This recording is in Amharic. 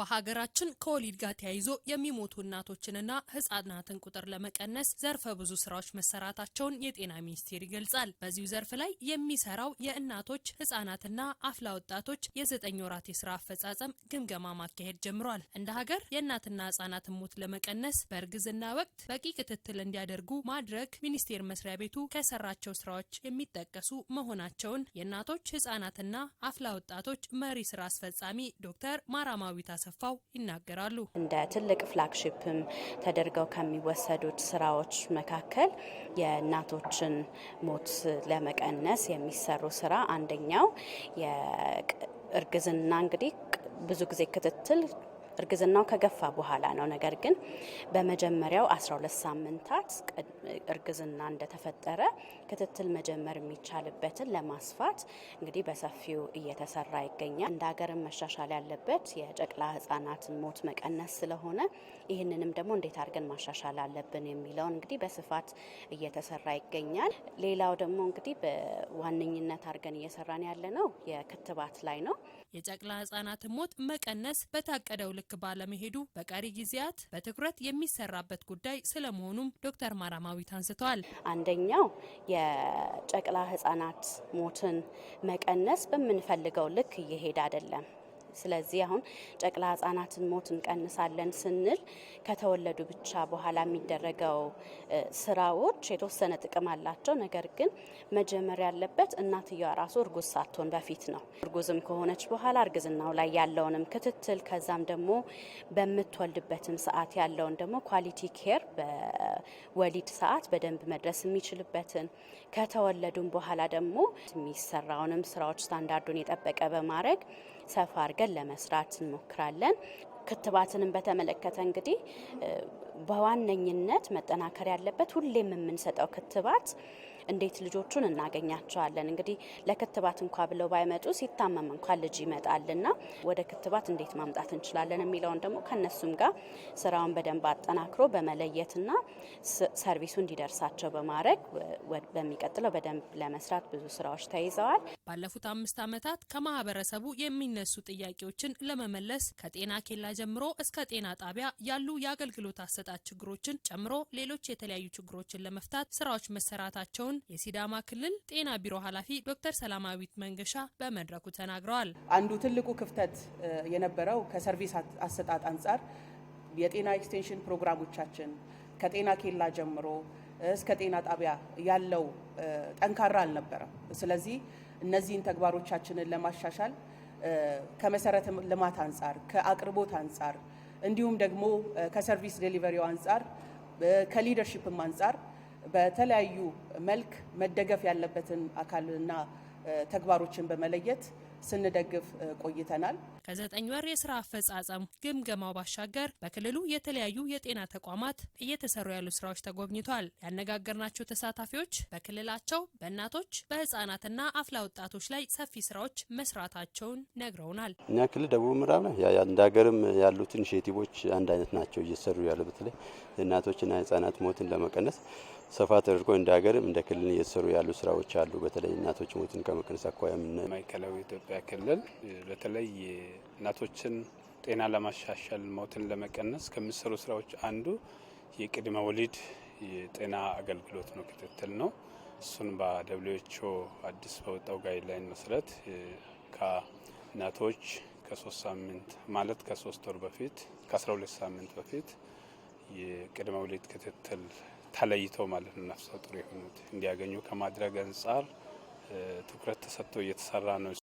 በሀገራችን ከወሊድ ጋር ተያይዞ የሚሞቱ እናቶችንና ህጻናትን ቁጥር ለመቀነስ ዘርፈ ብዙ ስራዎች መሰራታቸውን የጤና ሚኒስቴር ይገልጻል። በዚሁ ዘርፍ ላይ የሚሰራው የእናቶች ህጻናትና አፍላ ወጣቶች የዘጠኝ ወራት የስራ አፈጻጸም ግምገማ ማካሄድ ጀምሯል። እንደ ሀገር የእናትና ህጻናትን ሞት ለመቀነስ በእርግዝና ወቅት በቂ ክትትል እንዲያደርጉ ማድረግ ሚኒስቴር መስሪያ ቤቱ ከሰራቸው ስራዎች የሚጠቀሱ መሆናቸውን የእናቶች ህጻናትና አፍላ ወጣቶች መሪ ስራ አስፈጻሚ ዶክተር ማራማዊታ ። እንዳስከፋው ይናገራሉ። እንደ ትልቅ ፍላግሺፕም ተደርገው ከሚወሰዱት ስራዎች መካከል የእናቶችን ሞት ለመቀነስ የሚሰሩ ስራ አንደኛው የእርግዝና እንግዲህ ብዙ ጊዜ ክትትል እርግዝናው ከገፋ በኋላ ነው። ነገር ግን በመጀመሪያው 12 ሳምንታት እርግዝና እንደተፈጠረ ክትትል መጀመር የሚቻልበትን ለማስፋት እንግዲህ በሰፊው እየተሰራ ይገኛል። እንደ ሀገርም መሻሻል ያለበት የጨቅላ ህጻናትን ሞት መቀነስ ስለሆነ ይህንንም ደግሞ እንዴት አድርገን ማሻሻል አለብን የሚለውን እንግዲህ በስፋት እየተሰራ ይገኛል። ሌላው ደግሞ እንግዲህ በዋነኝነት አድርገን እየሰራን ያለ ነው የክትባት ላይ ነው። የጨቅላ ህጻናትን ሞት መቀነስ በታቀደው ልክ ልክ ባለመሄዱ በቀሪ ጊዜያት በትኩረት የሚሰራበት ጉዳይ ስለመሆኑም ዶክተር ማራማዊት አንስተዋል። አንደኛው የጨቅላ ህጻናት ሞትን መቀነስ በምንፈልገው ልክ እየሄድ አይደለም። ስለዚህ አሁን ጨቅላ ህጻናትን ሞት እንቀንሳለን ስንል ከተወለዱ ብቻ በኋላ የሚደረገው ስራዎች የተወሰነ ጥቅም አላቸው። ነገር ግን መጀመር ያለበት እናትየዋ ራሱ እርጉዝ ሳትሆን በፊት ነው። እርጉዝም ከሆነች በኋላ እርግዝናው ላይ ያለውንም ክትትል ከዛም ደግሞ በምትወልድበትም ሰዓት ያለውን ደግሞ ኳሊቲ ኬር በወሊድ ሰዓት በደንብ መድረስ የሚችልበትን ከተወለዱም በኋላ ደግሞ የሚሰራውንም ስራዎች ስታንዳርዱን የጠበቀ በማድረግ ሰፋ አድርገን ለመስራት እንሞክራለን። ክትባትንም በተመለከተ እንግዲህ በዋነኝነት መጠናከር ያለበት ሁሌም የምንሰጠው ክትባት እንዴት ልጆቹን እናገኛቸዋለን? እንግዲህ ለክትባት እንኳ ብለው ባይመጡ ሲታመም እንኳን ልጅ ይመጣልና ወደ ክትባት እንዴት ማምጣት እንችላለን የሚለውን ደግሞ ከነሱም ጋር ስራውን በደንብ አጠናክሮ በመለየትና ሰርቪሱ እንዲደርሳቸው በማድረግ በሚቀጥለው በደንብ ለመስራት ብዙ ስራዎች ተይዘዋል። ባለፉት አምስት ዓመታት ከማህበረሰቡ የሚነሱ ጥያቄዎችን ለመመለስ ከጤና ኬላ ጀምሮ እስከ ጤና ጣቢያ ያሉ የአገልግሎት አሰጣጥ ችግሮችን ጨምሮ ሌሎች የተለያዩ ችግሮችን ለመፍታት ስራዎች መሰራታቸውን የሲዳማ ክልል ጤና ቢሮ ኃላፊ ዶክተር ሰላማዊት መንገሻ በመድረኩ ተናግረዋል። አንዱ ትልቁ ክፍተት uh, የነበረው ከሰርቪስ አሰጣጥ አንጻር የጤና ኤክስቴንሽን ፕሮግራሞቻችን ከጤና ኬላ ጀምሮ እስከ ጤና ጣቢያ ያለው uh, ጠንካራ አልነበረም። ስለዚህ እነዚህን ተግባሮቻችንን ለማሻሻል ከመሰረተ ልማት አንጻር፣ ከአቅርቦት አንጻር እንዲሁም ደግሞ ከሰርቪስ ዴሊቨሪው አንጻር ከሊደርሽፕም አንጻር በተለያዩ መልክ መደገፍ ያለበትን አካልና ተግባሮችን በመለየት ስንደግፍ ቆይተናል። ከዘጠኝ ወር የስራ አፈጻጸም ግምገማው ባሻገር በክልሉ የተለያዩ የጤና ተቋማት እየተሰሩ ያሉ ስራዎች ተጎብኝቷል። ያነጋገርናቸው ተሳታፊዎች በክልላቸው በእናቶች በህጻናትና አፍላ ወጣቶች ላይ ሰፊ ስራዎች መስራታቸውን ነግረውናል። እኛ ክልል ደቡብ ምዕራብ እንደ ሀገርም ያሉት ኢኒሽቲቮች አንድ አይነት ናቸው እየተሰሩ ያሉ በተለይ የእናቶችና የህጻናት ሞትን ለመቀነስ ሰፋ ተደርጎ እንደ ሀገርም እንደ ክልል እየተሰሩ ያሉ ስራዎች አሉ። በተለይ እናቶች ሞትን ከመቀነስ አኳያ ማዕከላዊ ኢትዮጵያ ኢትዮጵያ ክልል በተለይ እናቶችን ጤና ለማሻሻል ሞትን ለመቀነስ ከሚሰሩ ስራዎች አንዱ የቅድመ ወሊድ የጤና አገልግሎት ነው፣ ክትትል ነው። እሱን በደብሊው አዲስ በወጣው ጋይድላይን መሰረት ከእናቶች ከሶስት ሳምንት ማለት ከሶስት ወር በፊት ከአስራ ሁለት ሳምንት በፊት የቅድመ ወሊድ ክትትል ተለይተው ማለት ነው ነፍሰ ጡር የሆኑት እንዲያገኙ ከማድረግ አንጻር ትኩረት ተሰጥቶ እየተሰራ ነው።